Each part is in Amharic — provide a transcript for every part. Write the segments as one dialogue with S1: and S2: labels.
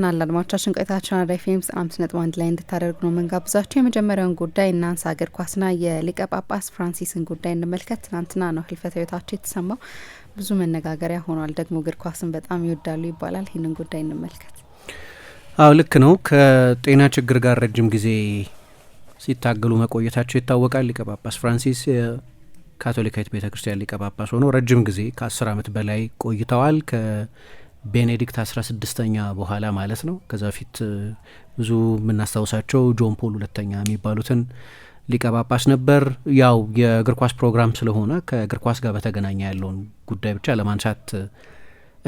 S1: ተመልሰናል አድማጮቻችን። ቆይታችን አራዳ ኤፍ ኤም አምስት ነጥብ አንድ ላይ እንድታደርጉ ነው መንጋብዛችሁ። የመጀመሪያውን ጉዳይ እናንሳ። እግር ኳስና የሊቀ ጳጳስ ፍራንሲስን ጉዳይ እንመልከት። ትናንትና ነው ህልፈተ ህይወታቸው የተሰማው። ብዙ መነጋገሪያ ሆኗል። ደግሞ እግር ኳስን በጣም ይወዳሉ ይባላል። ይህንን ጉዳይ እንመልከት።
S2: አዎ ልክ ነው። ከጤና ችግር ጋር ረጅም ጊዜ ሲታገሉ መቆየታቸው ይታወቃል። ሊቀ ጳጳስ ፍራንሲስ የካቶሊካዊት ቤተ ክርስቲያን ሊቀ ጳጳስ ሆኖ ረጅም ጊዜ ከአስር ዓመት በላይ ቆይተዋል። ቤኔዲክት አስራ ስድስተኛ በኋላ ማለት ነው። ከዛ በፊት ብዙ የምናስታውሳቸው ጆን ፖል ሁለተኛ የሚባሉትን ሊቀ ጳጳስ ነበር። ያው የእግር ኳስ ፕሮግራም ስለሆነ ከእግር ኳስ ጋር በተገናኘ ያለውን ጉዳይ ብቻ ለማንሳት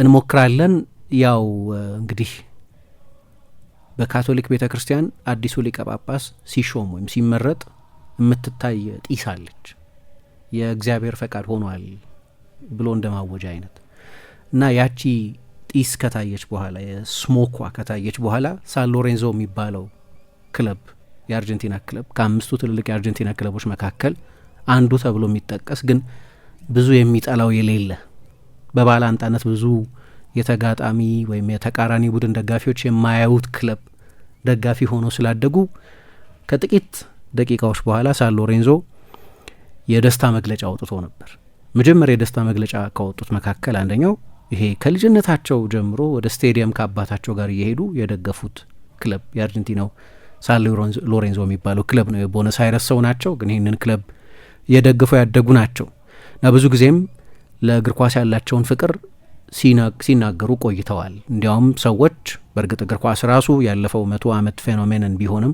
S2: እንሞክራለን። ያው እንግዲህ በካቶሊክ ቤተ ክርስቲያን አዲሱ ሊቀ ጳጳስ ሲሾም ወይም ሲመረጥ የምትታይ ጢስ አለች። የእግዚአብሔር ፈቃድ ሆኗል ብሎ እንደማወጃ አይነት እና ያቺ ጢስ ከታየች በኋላ የስሞኳ ከታየች በኋላ ሳን ሎሬንዞ የሚባለው ክለብ የአርጀንቲና ክለብ ከአምስቱ ትልልቅ የአርጀንቲና ክለቦች መካከል አንዱ ተብሎ የሚጠቀስ ግን ብዙ የሚጠላው የሌለ በባላንጣነት ብዙ የተጋጣሚ ወይም የተቃራኒ ቡድን ደጋፊዎች የማያዩት ክለብ ደጋፊ ሆኖ ስላደጉ ከጥቂት ደቂቃዎች በኋላ ሳን ሎሬንዞ የደስታ መግለጫ አውጥቶ ነበር። መጀመሪያ የደስታ መግለጫ ካወጡት መካከል አንደኛው ይሄ ከልጅነታቸው ጀምሮ ወደ ስቴዲየም ከአባታቸው ጋር እየሄዱ የደገፉት ክለብ የአርጀንቲናው ሳን ሎሬንዞ የሚባለው ክለብ ነው። የቦነስ አይረስ ሰው ናቸው፣ ግን ይህንን ክለብ የደግፈው ያደጉ ናቸው እና ብዙ ጊዜም ለእግር ኳስ ያላቸውን ፍቅር ሲናገሩ ቆይተዋል። እንዲያውም ሰዎች በእርግጥ እግር ኳስ ራሱ ያለፈው መቶ ዓመት ፌኖሜንን ቢሆንም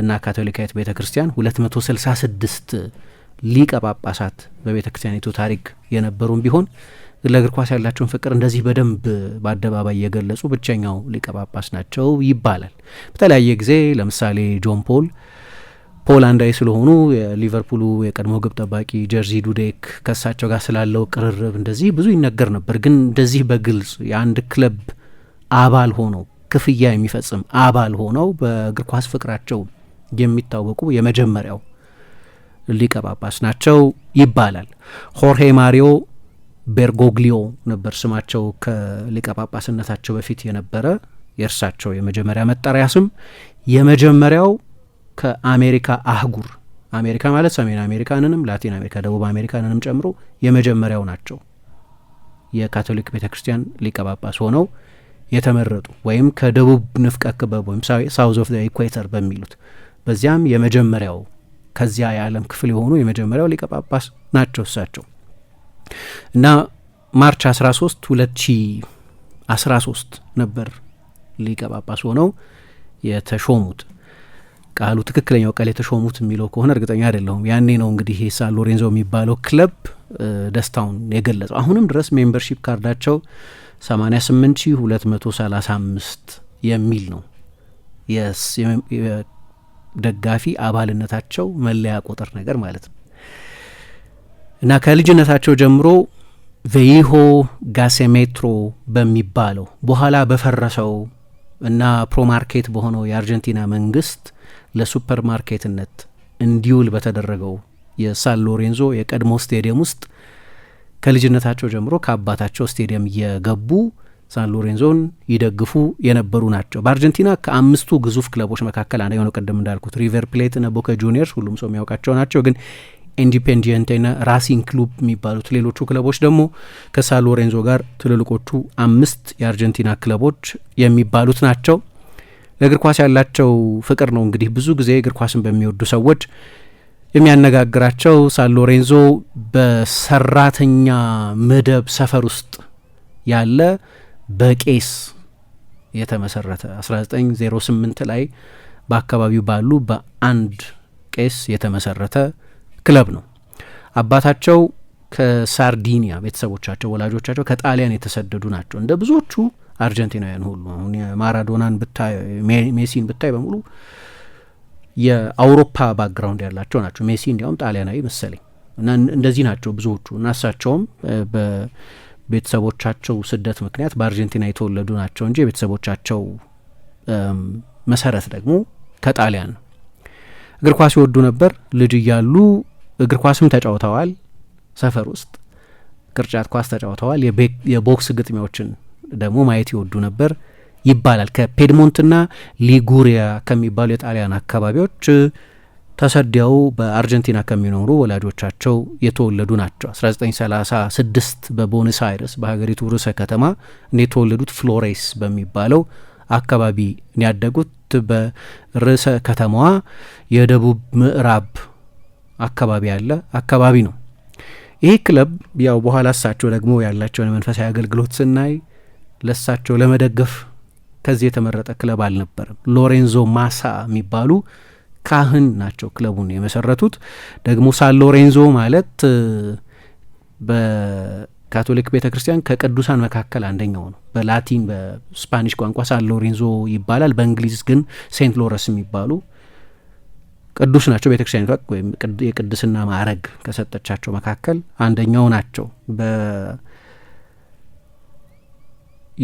S2: እና ካቶሊካዊት ቤተ ክርስቲያን 266 ሊቀ ጳጳሳት በቤተ ክርስቲያኒቱ ታሪክ የነበሩም ቢሆን ለእግር ኳስ ያላቸውን ፍቅር እንደዚህ በደንብ በአደባባይ የገለጹ ብቸኛው ሊቀ ጳጳስ ናቸው ይባላል። በተለያየ ጊዜ ለምሳሌ ጆን ፖል ፖላንዳዊ ስለሆኑ የሊቨርፑሉ የቀድሞ ግብ ጠባቂ ጀርዚ ዱዴክ ከሳቸው ጋር ስላለው ቅርርብ እንደዚህ ብዙ ይነገር ነበር። ግን እንደዚህ በግልጽ የአንድ ክለብ አባል ሆነው ክፍያ የሚፈጽም አባል ሆነው በእግር ኳስ ፍቅራቸው የሚታወቁ የመጀመሪያው ሊቀ ጳጳስ ናቸው ይባላል። ሆርሄ ማሪዮ ቤርጎግሊዮ ነበር ስማቸው ከሊቀ ጳጳስነታቸው በፊት የነበረ የእርሳቸው የመጀመሪያ መጠሪያ ስም። የመጀመሪያው ከአሜሪካ አህጉር አሜሪካ ማለት ሰሜን አሜሪካንንም ላቲን አሜሪካ፣ ደቡብ አሜሪካንንም ጨምሮ የመጀመሪያው ናቸው የካቶሊክ ቤተ ክርስቲያን ሊቀ ጳጳስ ሆነው የተመረጡ ወይም ከደቡብ ንፍቀ ክበብ ወይም ሳውዝ ኦፍ ኢኳተር በሚሉት በዚያም የመጀመሪያው ከዚያ የዓለም ክፍል የሆኑ የመጀመሪያው ሊቀ ጳጳስ ናቸው እሳቸው። እና ማርች 13 2013 ነበር ሊቀ ጳጳስ ሆነው የተሾሙት። ቃሉ ትክክለኛው ቃል የተሾሙት የሚለው ከሆነ እርግጠኛ አይደለሁም። ያኔ ነው እንግዲህ ይሄ ሳን ሎሬንዞ የሚባለው ክለብ ደስታውን የገለጸው። አሁንም ድረስ ሜምበርሺፕ ካርዳቸው 88235 የሚል ነው። የደጋፊ አባልነታቸው መለያ ቁጥር ነገር ማለት ነው። እና ከልጅነታቸው ጀምሮ ቬይሆ ጋሴሜትሮ በሚባለው በኋላ በፈረሰው እና ፕሮማርኬት በሆነው የአርጀንቲና መንግስት ለሱፐር ማርኬትነት እንዲውል በተደረገው የሳን ሎሬንዞ የቀድሞ ስቴዲየም ውስጥ ከልጅነታቸው ጀምሮ ከአባታቸው ስቴዲየም እየገቡ ሳን ሎሬንዞን ይደግፉ የነበሩ ናቸው። በአርጀንቲና ከአምስቱ ግዙፍ ክለቦች መካከል አንደኛው ነው። ቅድም እንዳልኩት ሪቨር ና ቦካ ጁኒየርስ ሁሉም ሰው የሚያውቃቸው ናቸው። ግን ኢንዲፔንዲየንቴና ራሲን ክሉብ የሚባሉት ሌሎቹ ክለቦች ደግሞ ከሳ ሎሬንዞ ጋር ትልልቆቹ አምስት የአርጀንቲና ክለቦች የሚባሉት ናቸው። ለእግር ኳስ ያላቸው ፍቅር ነው እንግዲህ ብዙ ጊዜ እግር ኳስን በሚወዱ ሰዎች የሚያነጋግራቸው። ሳ ሎሬንዞ በሰራተኛ መደብ ሰፈር ውስጥ ያለ በቄስ የተመሰረተ 1908 ላይ በአካባቢው ባሉ በአንድ ቄስ የተመሰረተ ክለብ ነው። አባታቸው ከሳርዲኒያ ቤተሰቦቻቸው ወላጆቻቸው ከጣሊያን የተሰደዱ ናቸው። እንደ ብዙዎቹ አርጀንቲናውያን ሁሉ አሁን የማራዶናን ብታይ ሜሲን ብታይ በሙሉ የአውሮፓ ባክግራውንድ ያላቸው ናቸው። ሜሲ እንዲያውም ጣሊያናዊ መሰለኝ እና እንደዚህ ናቸው ብዙዎቹ እና እሳቸውም በቤተሰቦቻቸው ስደት ምክንያት በአርጀንቲና የተወለዱ ናቸው እንጂ የቤተሰቦቻቸው መሰረት ደግሞ ከጣሊያን ነው። እግር ኳስ ይወዱ ነበር ልጅ እያሉ እግር ኳስም ተጫውተዋል። ሰፈር ውስጥ ቅርጫት ኳስ ተጫውተዋል። የቦክስ ግጥሚያዎችን ደግሞ ማየት ይወዱ ነበር ይባላል። ከፔድሞንትና ሊጉሪያ ከሚባሉ የጣሊያን አካባቢዎች ተሰደው በአርጀንቲና ከሚኖሩ ወላጆቻቸው የተወለዱ ናቸው። 1936 በቦነስ አይረስ በሀገሪቱ ርዕሰ ከተማ የተወለዱት ፍሎሬስ በሚባለው አካባቢ ያደጉት በርዕሰ ከተማዋ የደቡብ ምዕራብ አካባቢ ያለ አካባቢ ነው። ይሄ ክለብ ያው በኋላ እሳቸው ደግሞ ያላቸውን መንፈሳዊ አገልግሎት ስናይ ለእሳቸው ለመደገፍ ከዚህ የተመረጠ ክለብ አልነበረም። ሎሬንዞ ማሳ የሚባሉ ካህን ናቸው ክለቡን የመሰረቱት። ደግሞ ሳን ሎሬንዞ ማለት በካቶሊክ ቤተ ክርስቲያን ከቅዱሳን መካከል አንደኛው ነው። በላቲን በስፓኒሽ ቋንቋ ሳን ሎሬንዞ ይባላል። በእንግሊዝ ግን ሴንት ሎረስ የሚባሉ ቅዱስ ናቸው። ቤተክርስቲያን ወይም የቅድስና ማዕረግ ከሰጠቻቸው መካከል አንደኛው ናቸው።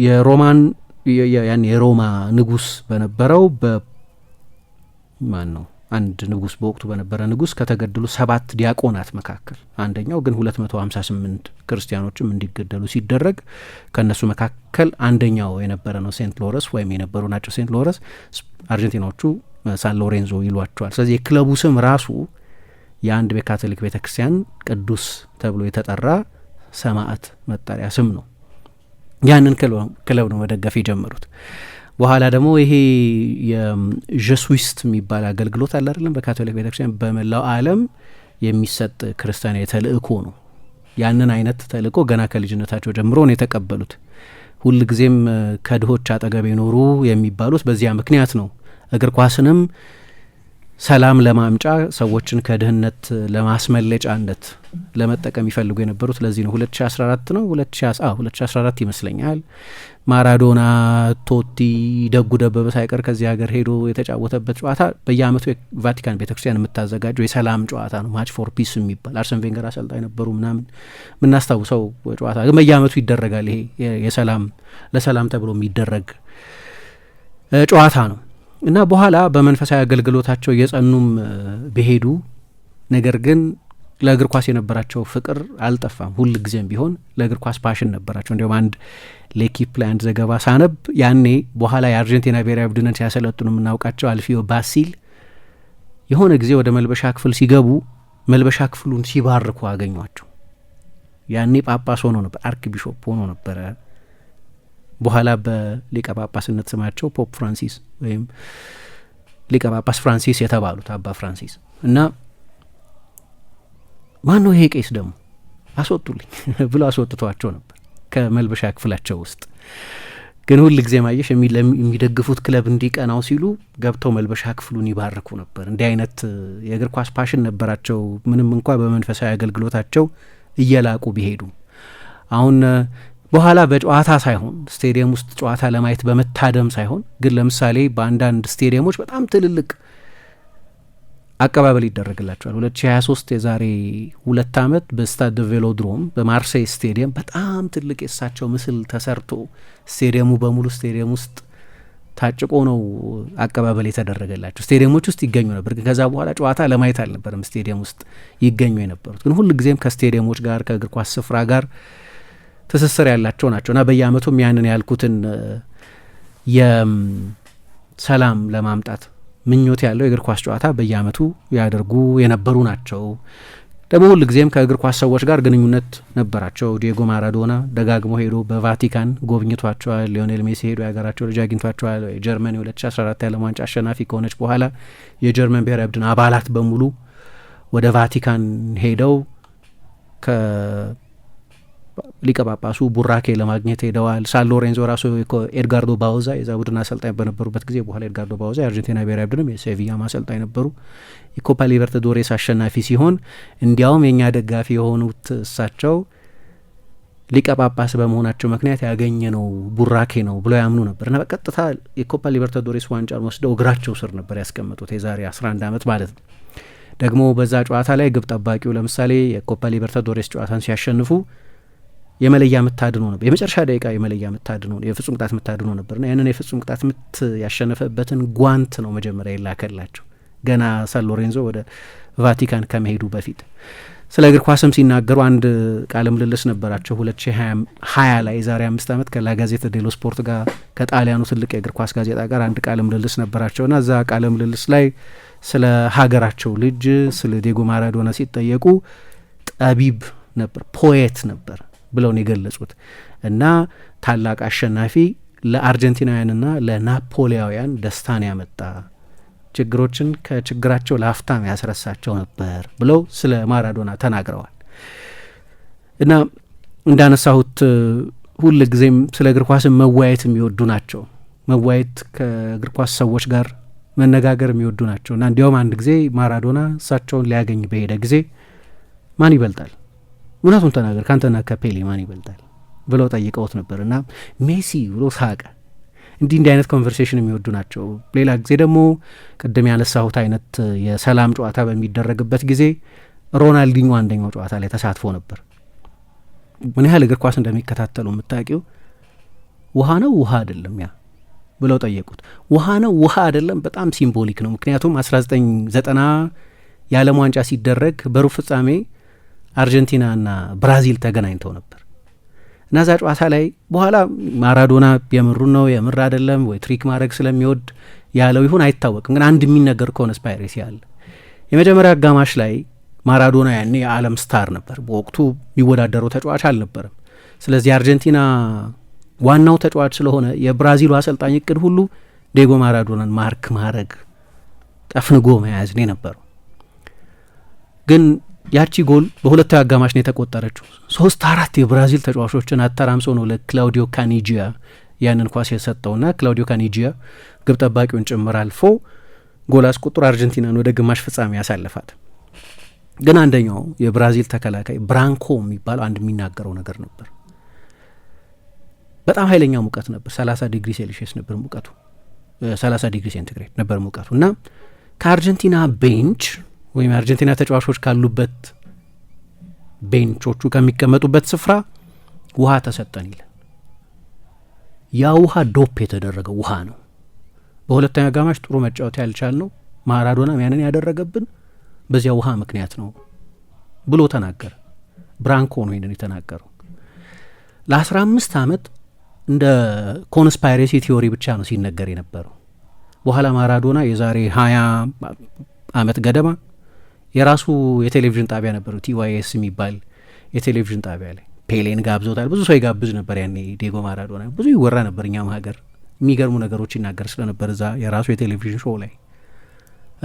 S2: የሮማን ያን የሮማ ንጉስ በነበረው በማን ነው አንድ ንጉስ በወቅቱ በነበረ ንጉስ ከተገደሉ ሰባት ዲያቆናት መካከል አንደኛው ግን ሁለት መቶ ሀምሳ ስምንት ክርስቲያኖችም እንዲገደሉ ሲደረግ ከእነሱ መካከል አንደኛው የነበረ ነው ሴንት ሎረስ ወይም የነበሩ ናቸው ሴንት ሎረስ አርጀንቲናዎቹ ሳን ሎሬንዞ ይሏቸዋል። ስለዚህ የክለቡ ስም ራሱ የአንድ በካቶሊክ ቤተ ክርስቲያን ቅዱስ ተብሎ የተጠራ ሰማዕት መጠሪያ ስም ነው። ያንን ክለብ ነው መደገፍ የጀመሩት። በኋላ ደግሞ ይሄ የጀሱዊስት የሚባል አገልግሎት አለ አይደለም፣ በካቶሊክ ቤተክርስቲያን በመላው ዓለም የሚሰጥ ክርስቲያናዊ ተልእኮ ነው። ያንን አይነት ተልእኮ ገና ከልጅነታቸው ጀምሮ ነው የተቀበሉት። ሁልጊዜም ከድሆች አጠገብ የኖሩ የሚባሉት በዚያ ምክንያት ነው። እግር ኳስንም ሰላም ለማምጫ ሰዎችን ከድህነት ለማስመለጫነት ለመጠቀም ይፈልጉ የነበሩት ለዚህ ነው። 2014 ነው 2014 ይመስለኛል። ማራዶና፣ ቶቲ፣ ደጉ ደበበ ሳይቀር ከዚህ ሀገር ሄዶ የተጫወተበት ጨዋታ በየአመቱ የቫቲካን ቤተክርስቲያን የምታዘጋጀው የሰላም ጨዋታ ነው። ማች ፎር ፒስ የሚባል አርሰን ቬንገር አሰልጣኝ ነበሩ ምናምን የምናስታውሰው ጨዋታ ግን በየአመቱ ይደረጋል። ይሄ የሰላም ለሰላም ተብሎ የሚደረግ ጨዋታ ነው። እና በኋላ በመንፈሳዊ አገልግሎታቸው እየጸኑም በሄዱ ነገር ግን ለእግር ኳስ የነበራቸው ፍቅር አልጠፋም። ሁል ጊዜም ቢሆን ለእግር ኳስ ፓሽን ነበራቸው። እንዲሁም አንድ ሌኪፕ ላይ አንድ ዘገባ ሳነብ ያኔ በኋላ የአርጀንቲና ብሔራዊ ቡድንን ሲያሰለጥኑ የምናውቃቸው አልፊዮ ባሲል የሆነ ጊዜ ወደ መልበሻ ክፍል ሲገቡ መልበሻ ክፍሉን ሲባርኩ አገኟቸው። ያኔ ጳጳስ ሆኖ ነበር፣ አርክ ቢሾፕ ሆኖ ነበረ። በኋላ በሊቀ ጳጳስነት ስማቸው ፖፕ ፍራንሲስ ወይም ሊቀ ጳጳስ ፍራንሲስ የተባሉት አባ ፍራንሲስ እና ማን ነው ይሄ ቄስ ደግሞ አስወጡልኝ ብሎ አስወጥቷቸው ነበር ከመልበሻ ክፍላቸው ውስጥ። ግን ሁል ጊዜ ማየሽ የሚደግፉት ክለብ እንዲቀናው ሲሉ ገብተው መልበሻ ክፍሉን ይባርኩ ነበር። እንዲህ አይነት የእግር ኳስ ፓሽን ነበራቸው፣ ምንም እንኳ በመንፈሳዊ አገልግሎታቸው እየላቁ ቢሄዱም። አሁን በኋላ በጨዋታ ሳይሆን ስቴዲየም ውስጥ ጨዋታ ለማየት በመታደም ሳይሆን ግን ለምሳሌ በአንዳንድ ስቴዲየሞች በጣም ትልልቅ አቀባበል ይደረግላቸዋል። 2023 የዛሬ ሁለት ዓመት በስታድ ቬሎድሮም በማርሴይ ስቴዲየም በጣም ትልቅ የእሳቸው ምስል ተሰርቶ ስቴዲየሙ በሙሉ ስቴዲየም ውስጥ ታጭቆ ነው አቀባበል የተደረገላቸው። ስቴዲየሞች ውስጥ ይገኙ ነበር፣ ግን ከዛ በኋላ ጨዋታ ለማየት አልነበረም ስቴዲየም ውስጥ ይገኙ የነበሩት። ግን ሁልጊዜም ከስቴዲየሞች ጋር ከእግር ኳስ ስፍራ ጋር ትስስር ያላቸው ናቸው እና በየአመቱም ያንን ያልኩትን የሰላም ለማምጣት ምኞት ያለው የእግር ኳስ ጨዋታ በየአመቱ ያደርጉ የነበሩ ናቸው። ደግሞ ሁል ጊዜም ከእግር ኳስ ሰዎች ጋር ግንኙነት ነበራቸው። ዲየጎ ማራዶና ደጋግሞ ሄዶ በቫቲካን ጎብኝቷቸዋል። ሊዮኔል ሜሲ ሄዶ የሀገራቸው ልጅ አግኝቷቸዋል። የጀርመን የ2014 የዓለም ዋንጫ አሸናፊ ከሆነች በኋላ የጀርመን ብሔራዊ ቡድን አባላት በሙሉ ወደ ቫቲካን ሄደው ሊቀ ጳጳሱ ቡራኬ ለማግኘት ሄደዋል። ሳን ሎሬንዞ ራሱ ኤድጋርዶ ባውዛ የዛ ቡድን አሰልጣኝ በነበሩበት ጊዜ በኋላ ኤድጋርዶ ባውዛ የአርጀንቲና ብሔራዊ ቡድንም የሴቪያ ማሰልጣኝ ነበሩ። የኮፓ ሊበርታዶሬስ አሸናፊ ሲሆን እንዲያውም የእኛ ደጋፊ የሆኑት እሳቸው ሊቀ ጳጳስ በመሆናቸው ምክንያት ያገኘ ነው ቡራኬ ነው ብለው ያምኑ ነበር እና በቀጥታ የኮፓ ሊበርታዶሬስ ዋንጫን ወስደው እግራቸው ስር ነበር ያስቀመጡት የዛሬ 11 ዓመት ማለት ነው። ደግሞ በዛ ጨዋታ ላይ ግብ ጠባቂው ለምሳሌ የኮፓ ሊበርታዶሬስ ጨዋታን ሲያሸንፉ የመለያ ምታድኖ ነበር የመጨረሻ ደቂቃ የመለያ ምታድኖ የፍጹም ቅጣት ምታድኖ ነበርና ያንን የፍጹም ቅጣት ምት ያሸነፈበትን ጓንት ነው መጀመሪያ ይላከላቸው ገና ሳን ሎሬንዞ ወደ ቫቲካን ከመሄዱ በፊት ስለ እግር ኳስም ሲናገሩ አንድ ቃለ ምልልስ ነበራቸው። ሁለት ሺ ሀያ ላይ የዛሬ አምስት ዓመት ከላ ጋዜጣ ዴሎ ስፖርት ጋር ከጣሊያኑ ትልቅ የእግር ኳስ ጋዜጣ ጋር አንድ ቃለ ምልልስ ነበራቸው ና እዛ ቃለ ምልልስ ላይ ስለ ሀገራቸው ልጅ ስለ ዴጎ ማራዶና ሲጠየቁ ጠቢብ ነበር፣ ፖየት ነበር ብለው የገለጹት እና ታላቅ አሸናፊ ለአርጀንቲናውያንና ለናፖሊያውያን ደስታን ያመጣ ችግሮችን ከችግራቸው ለአፍታም ያስረሳቸው ነበር ብለው ስለ ማራዶና ተናግረዋል። እና እንዳነሳሁት ሁል ጊዜም ስለ እግር ኳስን መወያየት የሚወዱ ናቸው። መወያየት ከእግር ኳስ ሰዎች ጋር መነጋገር የሚወዱ ናቸው እና እንዲያውም አንድ ጊዜ ማራዶና እሳቸውን ሊያገኝ በሄደ ጊዜ ማን ይበልጣል እውነቱን ተናገር ከአንተና ከፔሌ ማን ይበልጣል ብለው ጠይቀውት ነበር እና ሜሲ ብሎ ሳቀ። እንዲህ እንዲህ አይነት ኮንቨርሴሽን የሚወዱ ናቸው። ሌላ ጊዜ ደግሞ ቅድም ያነሳሁት አይነት የሰላም ጨዋታ በሚደረግበት ጊዜ ሮናልዲኞ አንደኛው ጨዋታ ላይ ተሳትፎ ነበር። ምን ያህል እግር ኳስ እንደሚከታተሉ የምታውቂው። ውሃ ነው ውሃ አይደለም ያ ብለው ጠየቁት። ውሃ ነው ውሃ አይደለም በጣም ሲምቦሊክ ነው። ምክንያቱም 1990 የዓለም ዋንጫ ሲደረግ በሩብ ፍጻሜ አርጀንቲናና ብራዚል ተገናኝተው ነበር እና እዛ ጨዋታ ላይ በኋላ ማራዶና የምሩን ነው የምር አይደለም ወይ ትሪክ ማድረግ ስለሚወድ ያለው ይሁን አይታወቅም። ግን አንድ የሚነገር ከሆነ ስፓይሬሲ አለ። የመጀመሪያ አጋማሽ ላይ ማራዶና ያኔ የዓለም ስታር ነበር። በወቅቱ የሚወዳደረው ተጫዋች አልነበረም። ስለዚህ አርጀንቲና ዋናው ተጫዋች ስለሆነ የብራዚሉ አሰልጣኝ እቅድ ሁሉ ዴጎ ማራዶናን ማርክ ማድረግ ጠፍንጎ መያዝ ነው የነበረው ግን ያቺ ጎል በሁለታዊ አጋማሽ ነው የተቆጠረችው። ሶስት አራት የብራዚል ተጫዋቾችን አተራምሶ ነው ለክላውዲዮ ካኒጂያ ያንን ኳስ የሰጠውና ክላውዲዮ ካኒጂያ ግብ ጠባቂውን ጭምር አልፎ ጎል አስቆጥሮ አርጀንቲናን ወደ ግማሽ ፍጻሜ ያሳልፋት። ግን አንደኛው የብራዚል ተከላካይ ብራንኮ የሚባለው አንድ የሚናገረው ነገር ነበር። በጣም ኃይለኛ ሙቀት ነበር። 30 ዲግሪ ሴልሽስ ነበር ሙቀቱ፣ 30 ዲግሪ ሴንቲግሬድ ነበር ሙቀቱ እና ከአርጀንቲና ቤንች ወይም የአርጀንቲና ተጫዋቾች ካሉበት ቤንቾቹ ከሚቀመጡበት ስፍራ ውሃ ተሰጠን ይል ያ ውሃ ዶፕ የተደረገው ውሃ ነው። በሁለተኛ አጋማሽ ጥሩ መጫወት ያልቻል ነው ማራዶናም ያንን ያደረገብን በዚያ ውሃ ምክንያት ነው ብሎ ተናገረ። ብራንኮ ነው ይንን የተናገረው ለአስራ አምስት አመት እንደ ኮንስፓይሬሲ ቲዮሪ ብቻ ነው ሲነገር የነበረው። በኋላ ማራዶና የዛሬ ሀያ አመት ገደማ የራሱ የቴሌቪዥን ጣቢያ ነበረው ቲዋይኤስ የሚባል የቴሌቪዥን ጣቢያ ላይ ፔሌን ጋብዘውታል። ብዙ ሰው ይጋብዝ ነበር ያኔ ዴጎ ማራዶና ብዙ ይወራ ነበር። እኛም ሀገር የሚገርሙ ነገሮች ይናገር ስለነበር እዛ የራሱ የቴሌቪዥን ሾው ላይ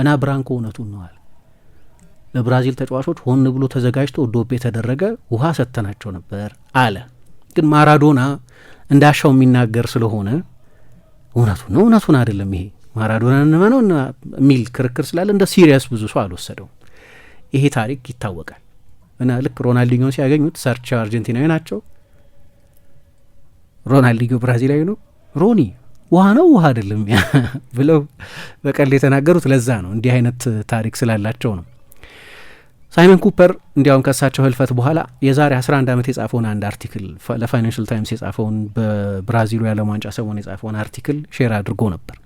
S2: እና ብራንኮ እውነቱን ነዋል። ለብራዚል ተጫዋቾች ሆን ብሎ ተዘጋጅቶ ዶፕ የተደረገ ውሃ ሰጥተናቸው ነበር አለ። ግን ማራዶና እንዳሻው የሚናገር ስለሆነ እውነቱን ነው እውነቱን አይደለም ይሄ ማራዶና እንመነው የሚል ክርክር ስላለ እንደ ሲሪየስ ብዙ ሰው አልወሰደው። ይሄ ታሪክ ይታወቃል እና ልክ ሮናልዲኞን ሲያገኙት ሰርቻ አርጀንቲናዊ ናቸው፣ ሮናልዲኞ ብራዚላዊ ነው፣ ሮኒ ውሃ ነው ውሃ አይደለም ብለው በቀል የተናገሩት ለዛ ነው። እንዲህ አይነት ታሪክ ስላላቸው ነው። ሳይመን ኩፐር እንዲያውም ከእሳቸው ህልፈት በኋላ የዛሬ 11 ዓመት የጻፈውን አንድ አርቲክል ለፋይናንሽል ታይምስ የጻፈውን በብራዚሉ የዓለም ዋንጫ ሰሞን የጻፈውን አርቲክል ሼር አድርጎ ነበር።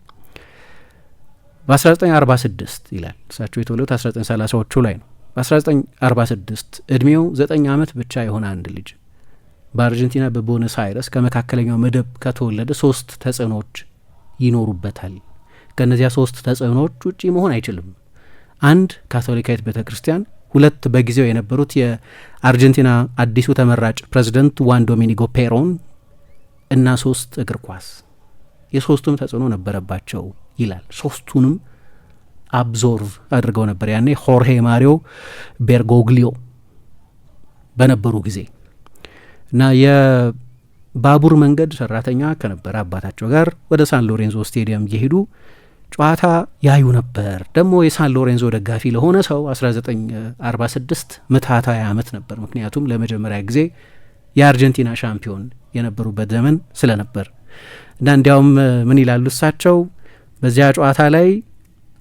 S2: በ1946 ይላል እሳቸው የተወለዱት 1930ዎቹ ላይ ነው። በ1946 እድሜው 9 ዓመት ብቻ የሆነ አንድ ልጅ በአርጀንቲና በቦነስ አይረስ ከመካከለኛው መደብ ከተወለደ ሶስት ተጽዕኖዎች ይኖሩበታል። ከእነዚያ ሶስት ተጽዕኖዎች ውጪ መሆን አይችልም። አንድ ካቶሊካዊት ቤተ ክርስቲያን፣ ሁለት በጊዜው የነበሩት የአርጀንቲና አዲሱ ተመራጭ ፕሬዚደንት ዋን ዶሚኒጎ ፔሮን እና ሶስት እግር ኳስ። የሶስቱም ተጽዕኖ ነበረባቸው ይላል። ሶስቱንም አብዞርቭ አድርገው ነበር። ያኔ ሆርሄ ማሪዮ ቤርጎግሊዮ በነበሩ ጊዜ እና የባቡር መንገድ ሰራተኛ ከነበረ አባታቸው ጋር ወደ ሳን ሎሬንዞ ስቴዲየም እየሄዱ ጨዋታ ያዩ ነበር። ደግሞ የሳን ሎሬንዞ ደጋፊ ለሆነ ሰው 1946 ምትሃታዊ ዓመት ነበር። ምክንያቱም ለመጀመሪያ ጊዜ የአርጀንቲና ሻምፒዮን የነበሩበት ዘመን ስለነበር እና እንዲያውም ምን ይላሉ እሳቸው በዚያ ጨዋታ ላይ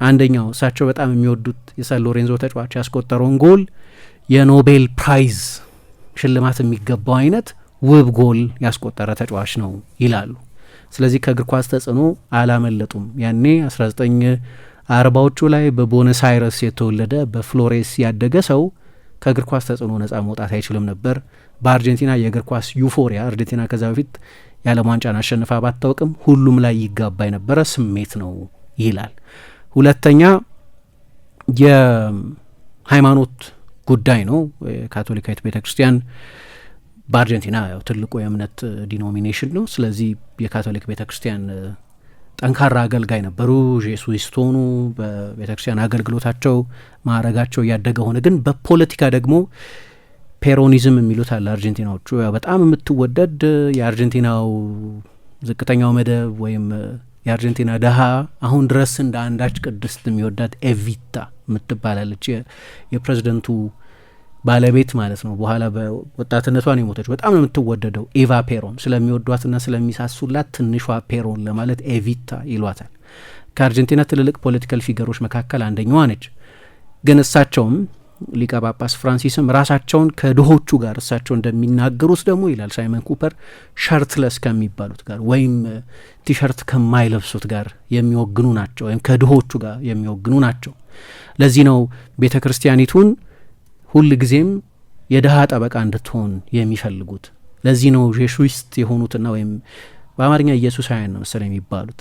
S2: አንደኛው እሳቸው በጣም የሚወዱት የሳን ሎሬንዞ ተጫዋች ያስቆጠረውን ጎል የኖቤል ፕራይዝ ሽልማት የሚገባው አይነት ውብ ጎል ያስቆጠረ ተጫዋች ነው ይላሉ። ስለዚህ ከእግር ኳስ ተጽዕኖ አላመለጡም። ያኔ 1940 አርባዎቹ ላይ በቦነስ አይረስ የተወለደ በፍሎሬስ ያደገ ሰው ከእግር ኳስ ተጽዕኖ ነጻ መውጣት አይችልም ነበር። በአርጀንቲና የእግር ኳስ ዩፎሪያ አርጀንቲና ከዛ በፊት የዓለም ዋንጫን አሸንፋ ባታውቅም ሁሉም ላይ ይጋባ የነበረ ስሜት ነው ይላል። ሁለተኛ የሃይማኖት ጉዳይ ነው። የካቶሊካዊት ቤተ ክርስቲያን በአርጀንቲና ያው ትልቁ የእምነት ዲኖሚኔሽን ነው። ስለዚህ የካቶሊክ ቤተ ክርስቲያን ጠንካራ አገልጋይ ነበሩ። ጄሱዊስት ሆኑ። በቤተ ክርስቲያን አገልግሎታቸው ማዕረጋቸው እያደገ ሆነ። ግን በፖለቲካ ደግሞ ፔሮኒዝም የሚሉት አለ። አርጀንቲናዎቹ በጣም የምትወደድ የአርጀንቲናው ዝቅተኛው መደብ ወይም የአርጀንቲና ድሀ አሁን ድረስ እንደ አንዳች ቅድስት የሚወዳት ኤቪታ የምትባላለች የፕሬዝደንቱ ባለቤት ማለት ነው። በኋላ በወጣትነቷ ነው የሞተች። በጣም ነው የምትወደደው ኤቫ ፔሮን ስለሚወዷትና ስለሚሳሱላት ትንሿ ፔሮን ለማለት ኤቪታ ይሏታል። ከአርጀንቲና ትልልቅ ፖለቲካል ፊገሮች መካከል አንደኛዋ ነች። ግን እሳቸውም ሊቀ ጳጳስ ፍራንሲስም ራሳቸውን ከድሆቹ ጋር እሳቸው እንደሚናገሩት ደግሞ ይላል ሳይመን ኩፐር ሸርትለስ ከሚባሉት ጋር ወይም ቲሸርት ከማይለብሱት ጋር የሚወግኑ ናቸው፣ ወይም ከድሆቹ ጋር የሚወግኑ ናቸው። ለዚህ ነው ቤተ ክርስቲያኒቱን ሁል ጊዜም የድሃ ጠበቃ እንድትሆን የሚፈልጉት። ለዚህ ነው ዤሹዊስት የሆኑትና ወይም በአማርኛ ኢየሱሳውያን ነው መሰለኝ የሚባሉት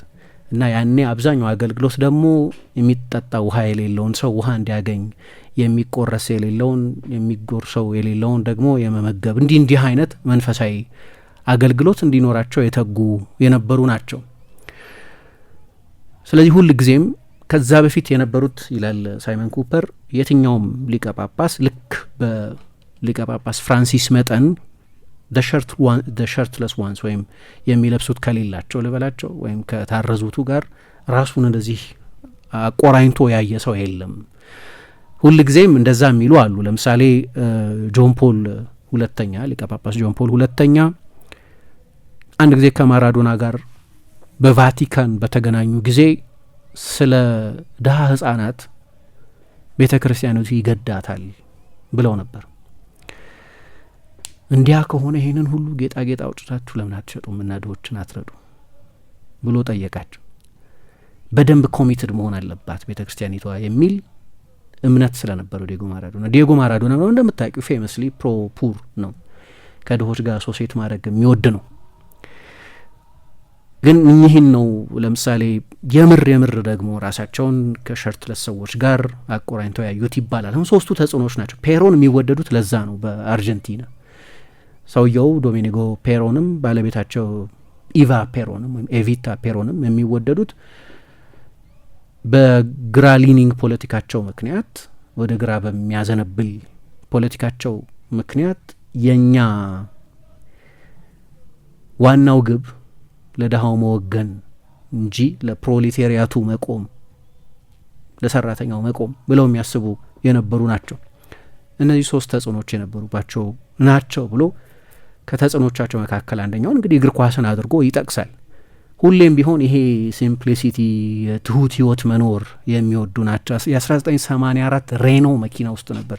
S2: እና ያኔ አብዛኛው አገልግሎት ደግሞ የሚጠጣ ውሃ የሌለውን ሰው ውሃ እንዲያገኝ የሚቆረስ የሌለውን የሚጎርሰው የሌለውን ደግሞ የመመገብ እንዲህ እንዲህ አይነት መንፈሳዊ አገልግሎት እንዲኖራቸው የተጉ የነበሩ ናቸው። ስለዚህ ሁል ጊዜም ከዛ በፊት የነበሩት ይላል ሳይመን ኩፐር፣ የትኛውም ሊቀ ጳጳስ ልክ በሊቀ ጳጳስ ፍራንሲስ መጠን ሸርትለስ ዋንስ ወይም የሚለብሱት ከሌላቸው ልበላቸው ወይም ከታረዙቱ ጋር ራሱን እንደዚህ አቆራኝቶ ያየ ሰው የለም። ሁልጊዜም እንደዛ የሚሉ አሉ። ለምሳሌ ጆን ፖል ሁለተኛ ሊቀ ጳጳስ ጆን ፖል ሁለተኛ አንድ ጊዜ ከማራዶና ጋር በቫቲካን በተገናኙ ጊዜ ስለ ድሀ ህጻናት ቤተ ክርስቲያኖቱ ይገዳታል ብለው ነበር። እንዲያ ከሆነ ይህንን ሁሉ ጌጣጌጥ አውጭታችሁ ለምን አትሸጡም እና ድሆችን አትረዱ ብሎ ጠየቃቸው። በደንብ ኮሚትድ መሆን አለባት ቤተ ክርስቲያኒቷ የሚል እምነት ስለነበረው ዲጎ ማራዶና ዲጎ ማራዶና ነው እንደምታውቂው ፌመስሊ ፕሮ ፑር ነው፣ ከድሆች ጋር ሶሴት ማድረግ የሚወድ ነው። ግን እኚህን ነው ለምሳሌ የምር የምር ደግሞ ራሳቸውን ከሸርትለስ ሰዎች ጋር አቆራኝተው ያዩት ይባላል። አሁን ሶስቱ ተጽዕኖዎች ናቸው። ፔሮን የሚወደዱት ለዛ ነው። በአርጀንቲና ሰውየው ዶሚኒጎ ፔሮንም ባለቤታቸው ኢቫ ፔሮንም ወይም ኤቪታ ፔሮንም የሚወደዱት በግራ ሊኒንግ ፖለቲካቸው ምክንያት ወደ ግራ በሚያዘነብል ፖለቲካቸው ምክንያት የእኛ ዋናው ግብ ለድሃው መወገን እንጂ ለፕሮሌቴሪያቱ መቆም፣ ለሰራተኛው መቆም ብለው የሚያስቡ የነበሩ ናቸው። እነዚህ ሶስት ተጽዕኖች የነበሩባቸው ናቸው ብሎ ከተጽዕኖቻቸው መካከል አንደኛውን እንግዲህ እግር ኳስን አድርጎ ይጠቅሳል። ሁሌም ቢሆን ይሄ ሲምፕሊሲቲ ትሁት ህይወት መኖር የሚወዱ ናቸው። የ1984 ሬኖ መኪና ውስጥ ነበር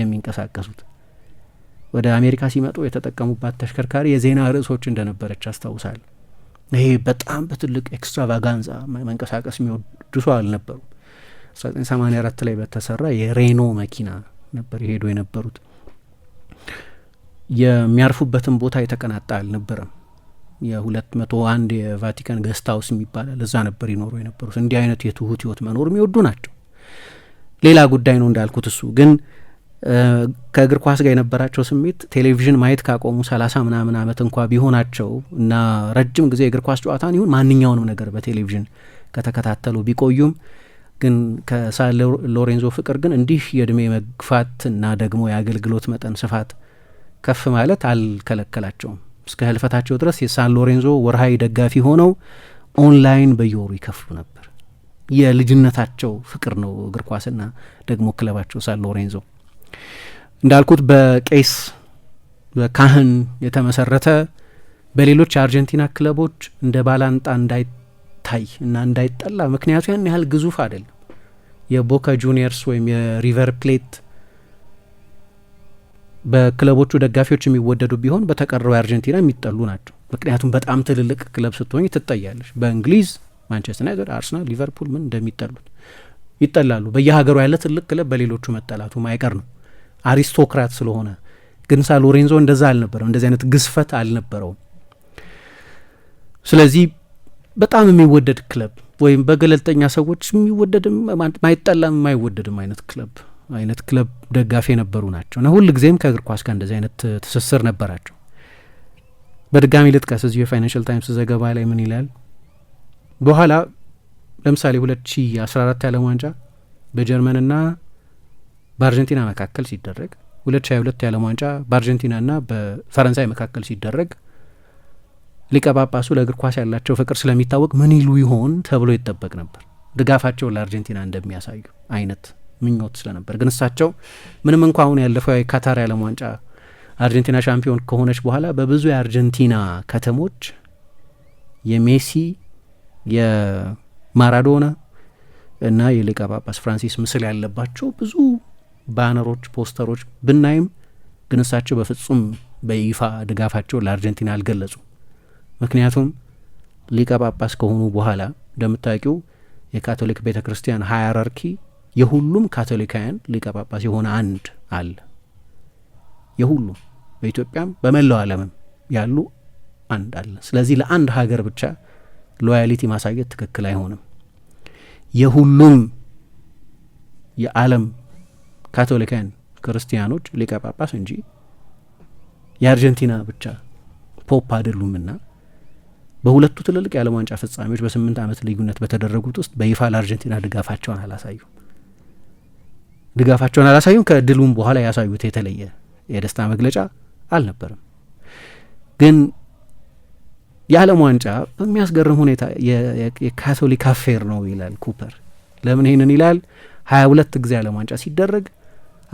S2: የሚንቀሳቀሱት። ወደ አሜሪካ ሲመጡ የተጠቀሙባት ተሽከርካሪ የዜና ርዕሶች እንደነበረች አስታውሳል። ይሄ በጣም በትልቅ ኤክስትራቫጋንዛ መንቀሳቀስ የሚወዱ ሰው አልነበሩም። 1984 ላይ በተሰራ የሬኖ መኪና ነበር የሄዱ የነበሩት። የሚያርፉበትን ቦታ የተቀናጣ አልነበረም። የሁለት መቶ አንድ የቫቲካን ገስት ሀውስ የሚባላል እዛ ነበር ይኖሩ የነበሩት። እንዲህ አይነት የትሁት ህይወት መኖር የሚወዱ ናቸው። ሌላ ጉዳይ ነው እንዳልኩት እሱ ግን ከእግር ኳስ ጋር የነበራቸው ስሜት ቴሌቪዥን ማየት ካቆሙ ሰላሳ ምናምን አመት እንኳ ቢሆናቸው እና ረጅም ጊዜ የእግር ኳስ ጨዋታን ይሁን ማንኛውንም ነገር በቴሌቪዥን ከተከታተሉ ቢቆዩም ግን ከሳ ሎሬንዞ ፍቅር ግን እንዲህ የእድሜ መግፋት እና ደግሞ የአገልግሎት መጠን ስፋት ከፍ ማለት አልከለከላቸውም። እስከ ህልፈታቸው ድረስ የሳን ሎሬንዞ ወርሃዊ ደጋፊ ሆነው ኦንላይን በየወሩ ይከፍሉ ነበር። የልጅነታቸው ፍቅር ነው እግር ኳስና ደግሞ ክለባቸው ሳን ሎሬንዞ። እንዳልኩት በቄስ በካህን የተመሰረተ በሌሎች አርጀንቲና ክለቦች እንደ ባላንጣ እንዳይታይ እና እንዳይጠላ ምክንያቱ ያን ያህል ግዙፍ አይደለም። የቦካ ጁኒየርስ ወይም የሪቨር ፕሌት በክለቦቹ ደጋፊዎች የሚወደዱ ቢሆን በተቀረው የአርጀንቲና የሚጠሉ ናቸው። ምክንያቱም በጣም ትልልቅ ክለብ ስትሆኝ ትጠያለች። በእንግሊዝ ማንቸስተር ዩናይትድ፣ አርስናል፣ ሊቨርፑል ምን እንደሚጠሉት ይጠላሉ። በየሀገሩ ያለ ትልቅ ክለብ በሌሎቹ መጠላቱ ማይቀር ነው አሪስቶክራት ስለሆነ። ግን ሳ ሎሬንዞ እንደዛ አልነበረም። እንደዚህ አይነት ግዝፈት አልነበረውም። ስለዚህ በጣም የሚወደድ ክለብ ወይም በገለልተኛ ሰዎች የሚወደድም ማይጠላም የማይወደድም አይነት ክለብ አይነት ክለብ ደጋፊ የነበሩ ናቸው እና ሁል ጊዜም ከእግር ኳስ ጋር እንደዚህ አይነት ትስስር ነበራቸው። በድጋሚ ልጥቀስ እዚሁ የፋይናንሽል ታይምስ ዘገባ ላይ ምን ይላል? በኋላ ለምሳሌ ሁለት ሺ አስራ አራት የዓለም ዋንጫ በጀርመንና በአርጀንቲና መካከል ሲደረግ ሁለት ሺ ሀያ ሁለት የዓለም ዋንጫ በአርጀንቲናና በፈረንሳይ መካከል ሲደረግ ሊቀ ጳጳሱ ለእግር ኳስ ያላቸው ፍቅር ስለሚታወቅ ምን ይሉ ይሆን ተብሎ ይጠበቅ ነበር ድጋፋቸው ለአርጀንቲና እንደሚያሳዩ አይነት ምኞት ስለነበር ግን እሳቸው ምንም እንኳ አሁን ያለፈው የካታር የዓለም ዋንጫ አርጀንቲና ሻምፒዮን ከሆነች በኋላ በብዙ የአርጀንቲና ከተሞች የሜሲ የማራዶና እና የሊቀ ጳጳስ ፍራንሲስ ምስል ያለባቸው ብዙ ባነሮች፣ ፖስተሮች ብናይም ግን እሳቸው በፍጹም በይፋ ድጋፋቸው ለአርጀንቲና አልገለጹ። ምክንያቱም ሊቀ ጳጳስ ከሆኑ በኋላ እንደምታውቂው የካቶሊክ ቤተ ክርስቲያን ሃይራርኪ የሁሉም ካቶሊካውያን ሊቀ ጳጳስ የሆነ አንድ አለ። የሁሉም በኢትዮጵያም በመላው ዓለምም ያሉ አንድ አለ። ስለዚህ ለአንድ ሀገር ብቻ ሎያሊቲ ማሳየት ትክክል አይሆንም። የሁሉም የዓለም ካቶሊካውያን ክርስቲያኖች ሊቀ ጳጳስ እንጂ የአርጀንቲና ብቻ ፖፕ አይደሉምና በሁለቱ ትልልቅ የዓለም ዋንጫ ፍጻሜዎች በስምንት ዓመት ልዩነት በተደረጉት ውስጥ በይፋ ለአርጀንቲና ድጋፋቸውን አላሳዩም። ድጋፋቸውን አላሳዩም። ከድሉም በኋላ ያሳዩት የተለየ የደስታ መግለጫ አልነበርም። ግን የዓለም ዋንጫ በሚያስገርም ሁኔታ የካቶሊክ አፌር ነው ይላል ኩፐር። ለምን ይህንን ይላል? ሀያ ሁለት ጊዜ ዓለም ዋንጫ ሲደረግ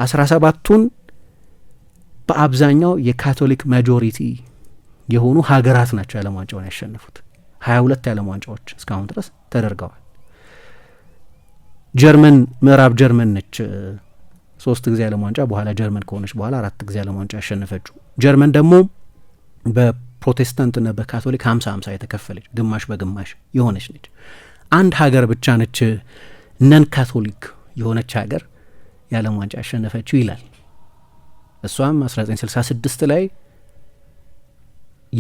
S2: አስራ ሰባቱን በአብዛኛው የካቶሊክ ማጆሪቲ የሆኑ ሀገራት ናቸው የዓለም ዋንጫውን ያሸነፉት። ሀያ ሁለት የዓለም ዋንጫዎች እስካሁን ድረስ ተደርገዋል። ጀርመን ምዕራብ ጀርመን ነች። ሶስት ጊዜ ዓለም ዋንጫ በኋላ ጀርመን ከሆነች በኋላ አራት ጊዜ ዓለም ዋንጫ ያሸነፈችው ጀርመን ደግሞ በፕሮቴስታንትና በካቶሊክ ሀምሳ ሀምሳ የተከፈለች ግማሽ በግማሽ የሆነች ነች። አንድ ሀገር ብቻ ነች ነን ካቶሊክ የሆነች ሀገር የዓለም ዋንጫ ያሸነፈችው ይላል። እሷም 1966 ላይ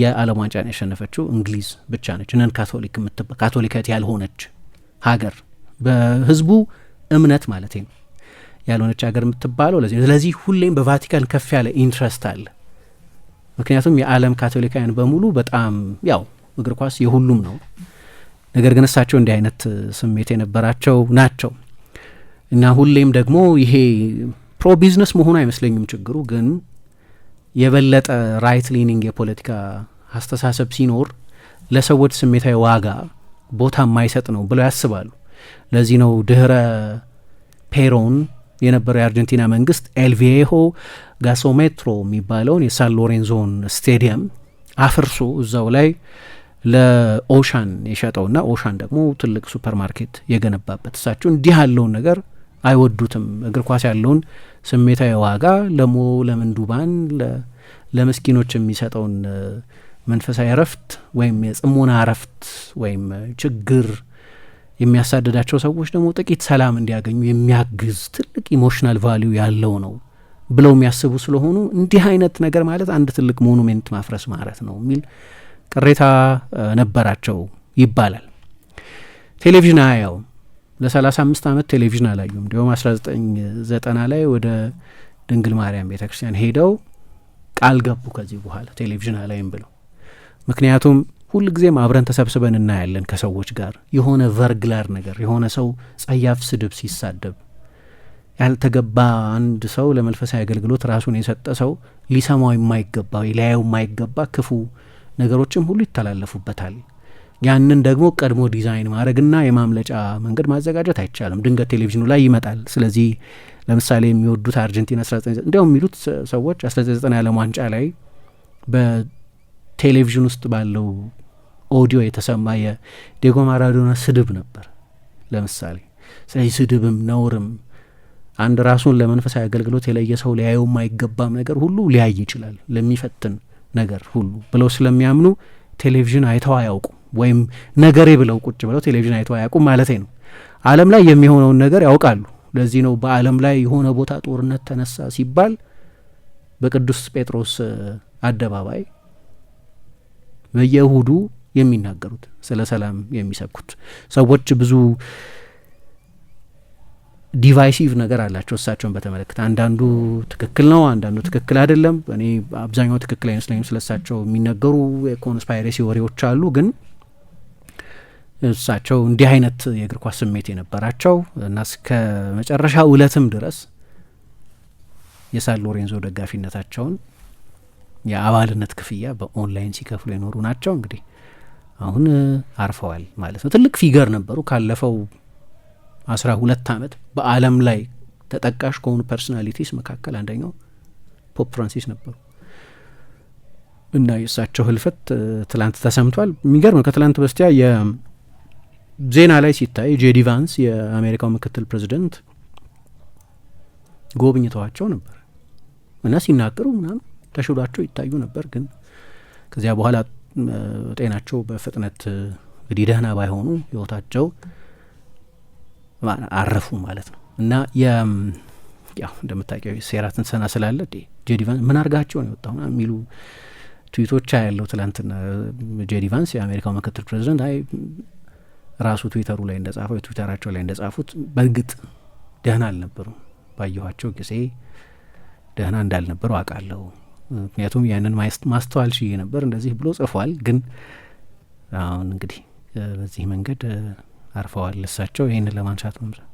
S2: የዓለም ዋንጫን ያሸነፈችው እንግሊዝ ብቻ ነች ነን ካቶሊክ የምትባል ካቶሊካዊት ያልሆነች ሀገር በህዝቡ እምነት ማለት ነው ያልሆነች ሀገር የምትባለው ለዚህ ስለዚህ ሁሌም በቫቲካን ከፍ ያለ ኢንትረስት አለ። ምክንያቱም የዓለም ካቶሊካውያን በሙሉ በጣም ያው እግር ኳስ የሁሉም ነው። ነገር ግን እሳቸው እንዲህ አይነት ስሜት የነበራቸው ናቸው እና ሁሌም ደግሞ ይሄ ፕሮ ቢዝነስ መሆኑ አይመስለኝም። ችግሩ ግን የበለጠ ራይት ሊኒንግ የፖለቲካ አስተሳሰብ ሲኖር ለሰዎች ስሜታዊ ዋጋ ቦታ የማይሰጥ ነው ብለው ያስባሉ። ለዚህ ነው ድህረ ፔሮን የነበረው የአርጀንቲና መንግስት ኤልቪሆ ጋሶሜትሮ የሚባለውን የሳን ሎሬንዞን ስቴዲየም አፍርሶ እዛው ላይ ለኦሻን የሸጠውና ኦሻን ደግሞ ትልቅ ሱፐር ማርኬት የገነባበት። እሳቸው እንዲህ ያለውን ነገር አይወዱትም። እግር ኳስ ያለውን ስሜታዊ ዋጋ ለሞ ለምንዱባን ለምስኪኖች የሚሰጠውን መንፈሳዊ እረፍት ወይም የጽሞና እረፍት ወይም ችግር የሚያሳድዳቸው ሰዎች ደግሞ ጥቂት ሰላም እንዲያገኙ የሚያግዝ ትልቅ ኢሞሽናል ቫሊዩ ያለው ነው ብለው የሚያስቡ ስለሆኑ እንዲህ አይነት ነገር ማለት አንድ ትልቅ ሞኑሜንት ማፍረስ ማለት ነው የሚል ቅሬታ ነበራቸው ይባላል። ቴሌቪዥን አያውም። ለሰላሳ አምስት ዓመት ቴሌቪዥን አላዩም። እንዲሁም አስራ ዘጠኝ ዘጠና ላይ ወደ ድንግል ማርያም ቤተ ክርስቲያን ሄደው ቃል ገቡ ከዚህ በኋላ ቴሌቪዥን አላይም ብለው ምክንያቱም ሁልጊዜም አብረን ተሰብስበን እናያለን ከሰዎች ጋር የሆነ ቨርግላር ነገር የሆነ ሰው ጸያፍ ስድብ ሲሳደብ ያልተገባ አንድ ሰው ለመንፈሳዊ አገልግሎት ራሱን የሰጠ ሰው ሊሰማው የማይገባ ሊያየው የማይገባ ክፉ ነገሮችም ሁሉ ይተላለፉበታል። ያንን ደግሞ ቀድሞ ዲዛይን ማድረግና የማምለጫ መንገድ ማዘጋጀት አይቻልም። ድንገት ቴሌቪዥኑ ላይ ይመጣል። ስለዚህ ለምሳሌ የሚወዱት አርጀንቲና እንዲያውም የሚሉት ሰዎች ዘጠና የዓለም ዋንጫ ላይ በቴሌቪዥን ውስጥ ባለው ኦዲዮ የተሰማ የዴጎ ማራዶና ስድብ ነበር ለምሳሌ። ስለዚህ ስድብም ነውርም አንድ ራሱን ለመንፈሳዊ አገልግሎት የለየ ሰው ሊያየው የማይገባም ነገር ሁሉ ሊያይ ይችላል፣ ለሚፈትን ነገር ሁሉ ብለው ስለሚያምኑ ቴሌቪዥን አይተው አያውቁም፣ ወይም ነገሬ ብለው ቁጭ ብለው ቴሌቪዥን አይተው አያውቁም ማለት ነው። ዓለም ላይ የሚሆነውን ነገር ያውቃሉ። ለዚህ ነው በዓለም ላይ የሆነ ቦታ ጦርነት ተነሳ ሲባል በቅዱስ ጴጥሮስ አደባባይ በየእሁዱ የሚናገሩት ስለ ሰላም የሚሰብኩት ሰዎች ብዙ ዲቫይሲቭ ነገር አላቸው እሳቸውን በተመለከተ አንዳንዱ ትክክል ነው አንዳንዱ ትክክል አይደለም እኔ አብዛኛው ትክክል አይመስለኝም ስለ እሳቸው የሚነገሩ የኮንስፓይሬሲ ወሬዎች አሉ ግን እሳቸው እንዲህ አይነት የእግር ኳስ ስሜት የነበራቸው እና እስከ መጨረሻ እለትም ድረስ የሳን ሎሬንዞ ደጋፊነታቸውን የአባልነት ክፍያ በኦንላይን ሲከፍሉ የኖሩ ናቸው እንግዲህ አሁን አርፈዋል ማለት ነው። ትልቅ ፊገር ነበሩ። ካለፈው አስራ ሁለት አመት በአለም ላይ ተጠቃሽ ከሆኑ ፐርሶናሊቲስ መካከል አንደኛው ፖፕ ፍራንሲስ ነበሩ እና የእሳቸው ህልፈት ትላንት ተሰምቷል። የሚገርም ከትላንት በስቲያ የዜና ላይ ሲታይ ጄዲ ቫንስ የአሜሪካው ምክትል ፕሬዚደንት ጎብኝተዋቸው ነበር እና ሲናገሩ ምናምን ተሽሏቸው ይታዩ ነበር ግን ከዚያ በኋላ ጤናቸው በፍጥነት እንግዲህ ደህና ባይሆኑ ህይወታቸው አረፉ ማለት ነው እና ያው እንደምታውቂው ሴራትን ሰና ስላለ ጄዲቫንስ ምን አርጋቸው ነው የወጣው የሚሉ ትዊቶች ያለው ትላንትና ጄዲቫንስ የአሜሪካው ምክትል ፕሬዚደንት አይ ራሱ ትዊተሩ ላይ እንደጻፈው የትዊተራቸው ላይ እንደጻፉት በእርግጥ ደህና አልነበሩም ባየኋቸው ጊዜ ደህና እንዳልነበሩ አውቃለሁ ምክንያቱም ያንን ማስተዋል ሽዬ ነበር እንደዚህ ብሎ ጽፏል። ግን አሁን እንግዲህ በዚህ መንገድ አርፈዋል እሳቸው። ይህንን ለማንሳት መምሰል